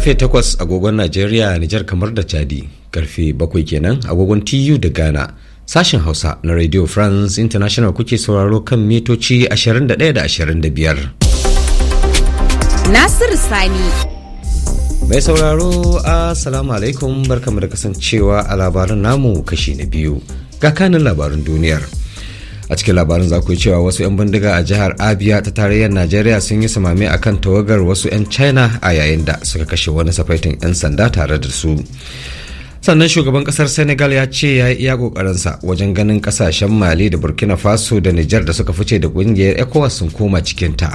karfe takwas, agogon Najeriya, Nijar kamar da Chadi, karfe bakwai kenan agogon TU da Ghana. Sashen Hausa na Radio France International kuke sauraro kan mitoci 21 da 25. Nasiru Sani Mai sauraro Assalamu alaikum barkamu da kasancewa a labarin namu kashi na biyu ga kanin labarin duniyar. a cikin labarin za ku cewa wasu 'yan bindiga a jihar abia ta tarayyar najeriya sun yi samame a kan tawagar wasu 'yan china a yayin da suka kashe wani safaitin 'yan sanda tare da su sannan shugaban kasar senegal ya ce ya yi iya kokarinsa wajen ganin kasashen mali da burkina faso da nijar da suka fice da kungiyar ecowas sun koma cikinta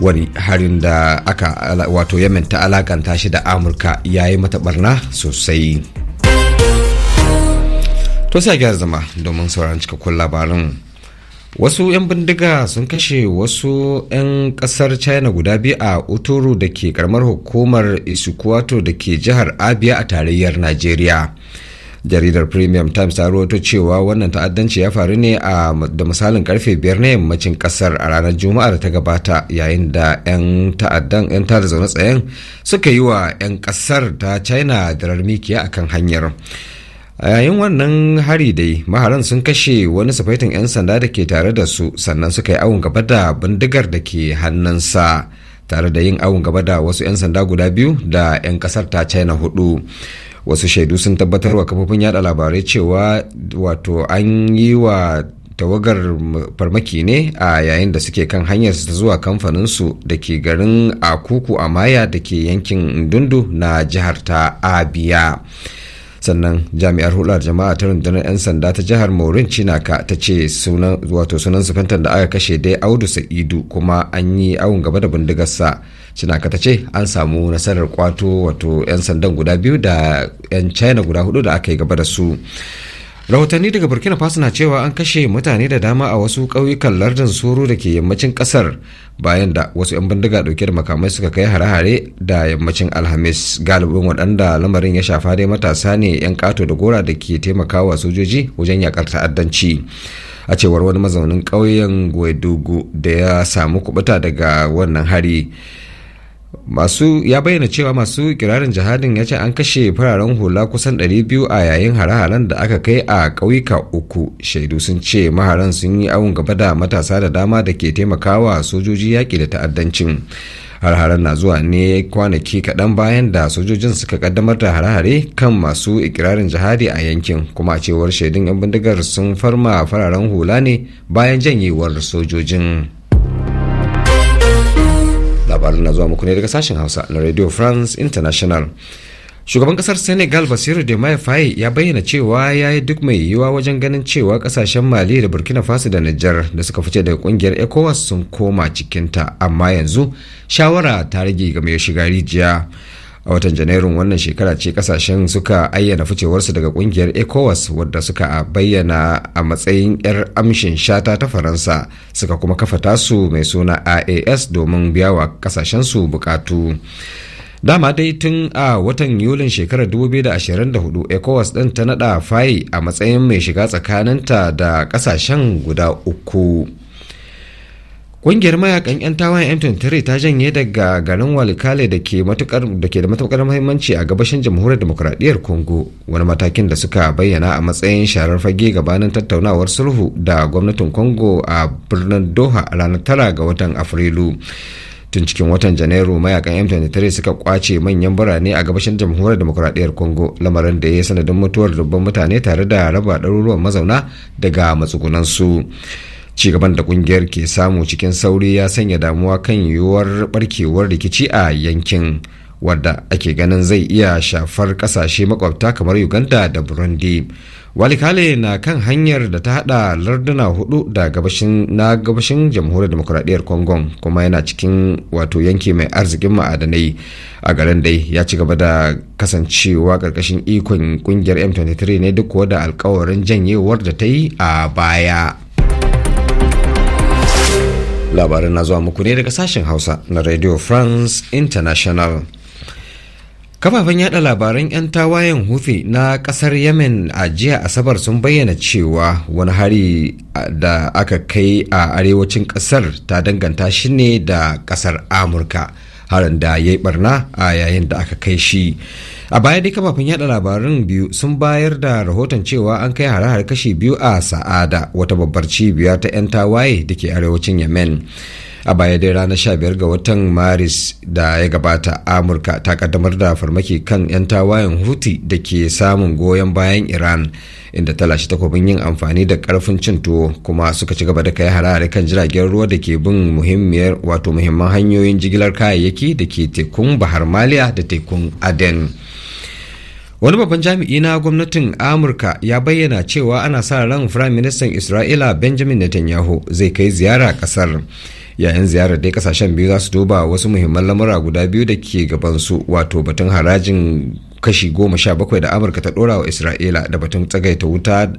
wani harin da aka wato yamin ta alakanta shi da amurka ya yi mata barna sosai to sai gyara zama domin sauran cikakkun labarin wasu 'yan bindiga sun kashe wasu 'yan kasar china guda biyu a uturu da ke karamar hukumar isukuwato da ke jihar abia a tarayyar nigeria jaridar premium times ta rawaito cewa wannan ta'addanci ya faru ne a da misalin karfe biyar na yammacin kasar a ranar juma'ar ta gabata yayin da 'yan ta'addan 'yan tada zaune tsayen suka yi wa 'yan kasar ta china da mikiya kan hanyar a yayin wannan hari dai maharan sun kashe wani sufaitin 'yan sanda da ke tare da su sannan suka yi awon gaba da bindigar da ke hannunsa tare da yin awon gaba da wasu 'yan sanda guda biyu da 'yan kasar ta china hudu wasu shaidu sun tabbatar wa kafofin yada labarai cewa wato an yi wa tawagar farmaki ne a yayin da suke kan hanyar su zuwa kamfaninsu da ke garin akuku maya da ke yankin dundu na jihar ta abia sannan jami'ar hular jama'a ta rundunar 'yan sanda ta jihar maurin cinaka ta ce sunan wato sunan sufantar da aka kashe dai audu sa'idu kuma an yi awon gaba da bindigarsa cinaka ta ce an samu nasarar kwato wato 'yan sandan guda biyu da 'yan china guda hudu da aka yi gaba da su rahotanni daga burkina faso na cewa an kashe mutane da dama a wasu ƙauyukan lardin soro da ke yammacin ƙasar bayan da wasu 'yan bindiga ɗauke da makamai suka kai hare-hare da yammacin alhamis galibin waɗanda lamarin ya shafa dai matasa ne 'yan ƙato da gora da ke taimakawa sojoji wajen yakar ta'addanci a cewar wani mazaunin ƙauyen goedogo da ya samu kubuta daga wannan hari masu ya bayyana cewa masu kirarin jihadin ya ce an kashe fararen hula kusan 200 a yayin hare-haren da aka kai a ƙauyuka uku shaidu sun ce maharan sun yi awon gaba da matasa da dama da ke taimakawa sojoji yaƙi da ta'addancin har-haren na zuwa ne kwanaki kaɗan bayan da sojojin suka kaddamar da hare-hare kan masu ikirarin jihadi a yankin kuma a cewar shaidun 'yan bindigar sun farma fararen hula ne bayan janyewar sojojin. labarin na zuwa muku ne daga sashen hausa na radio france international shugaban kasar senegal basiru de faye ya bayyana cewa ya yi duk mai yiwuwa wajen ganin cewa kasashen mali da burkina faso da nijar da suka fice daga kungiyar ecowas sun koma cikinta amma yanzu shawara ta rage ga mai shiga rijiya a watan janairun wannan shekara ce kasashen suka ayyana ficewarsu daga kungiyar ecowas wadda suka bayyana a matsayin 'yar amshin shata ta faransa suka kuma kafa tasu mai suna ias domin biya biyawa kasashensu bukatu dama dai tun a watan yulin shekarar 2024 ecowas din ta nada fayi a matsayin mai shiga tsakaninta da kasashen guda uku. kungiyar mayakan 'yan tawayen M23 ta janye daga garin Walikale da ke da matukar muhimmanci a gabashin jamhuriyar demokuraɗiyyar Congo wani matakin da suka bayyana a matsayin sharar fage gabanin tattaunawar sulhu da gwamnatin Congo a birnin Doha a ranar tara ga watan Afrilu. tun cikin watan janairu mayakan m23 suka kwace manyan birane a gabashin jamhuriyar demokuraɗiyyar congo lamarin da ya sanadin mutuwar dubban mutane tare da raba ɗaruruwan mazauna daga matsugunansu. su ci gaban da kungiyar ke samu cikin sauri ya sanya damuwa kan yiwuwar barkewar rikici a yankin wadda ake ganin zai iya shafar kasashe makwabta kamar uganda da burundi walikale na kan hanyar da ta hada larduna hudu da gabashin na gabashin jamhuriyar demokuraɗiyyar congo kuma yana cikin wato yanki mai arzikin ma'adanai a garin dai ya ci gaba da kasancewa ƙarƙashin ikon kungiyar m23 ne duk da alkawarin janyewar da ta yi a baya labarin na zuwa muku ne daga sashen hausa na radio france international kafafen yada labaran 'yan tawayen hufi na kasar yemen a jiya asabar sun bayyana cewa wani hari da aka kai a arewacin kasar ta danganta shi ne da kasar amurka harin da ya yi barna a yayin da aka kai shi a baya dai kafafen yada labarin biyu sun bayar da rahoton cewa an kai hare-hare kashi biyu a sa'ada wata babbar cibiya ta 'yan tawaye da ke arewacin yemen a baya dai ranar 15 ga watan maris da ya gabata amurka ta kaddamar da farmaki kan 'yan tawayen huti da ke samun goyon bayan iran inda ta lashe takobin yin amfani da karfin cin tuwo kuma suka ci gaba da kai harare kan jiragen ruwa da ke bin muhimmiyar wato muhimman hanyoyin jigilar kayayyaki da ke tekun bahar maliya da tekun aden wani babban jami'i na gwamnatin amurka ya bayyana cewa ana sa ran firayim ministan isra'ila benjamin netanyahu zai kai ziyara kasar yayin ziyarar dai kasashen biyu za su duba wasu muhimman lamura guda biyu da ke gabansu wato batun harajin kashi goma sha bakwai da amurka ta dora wa isra'ila da batun tsagaita wuta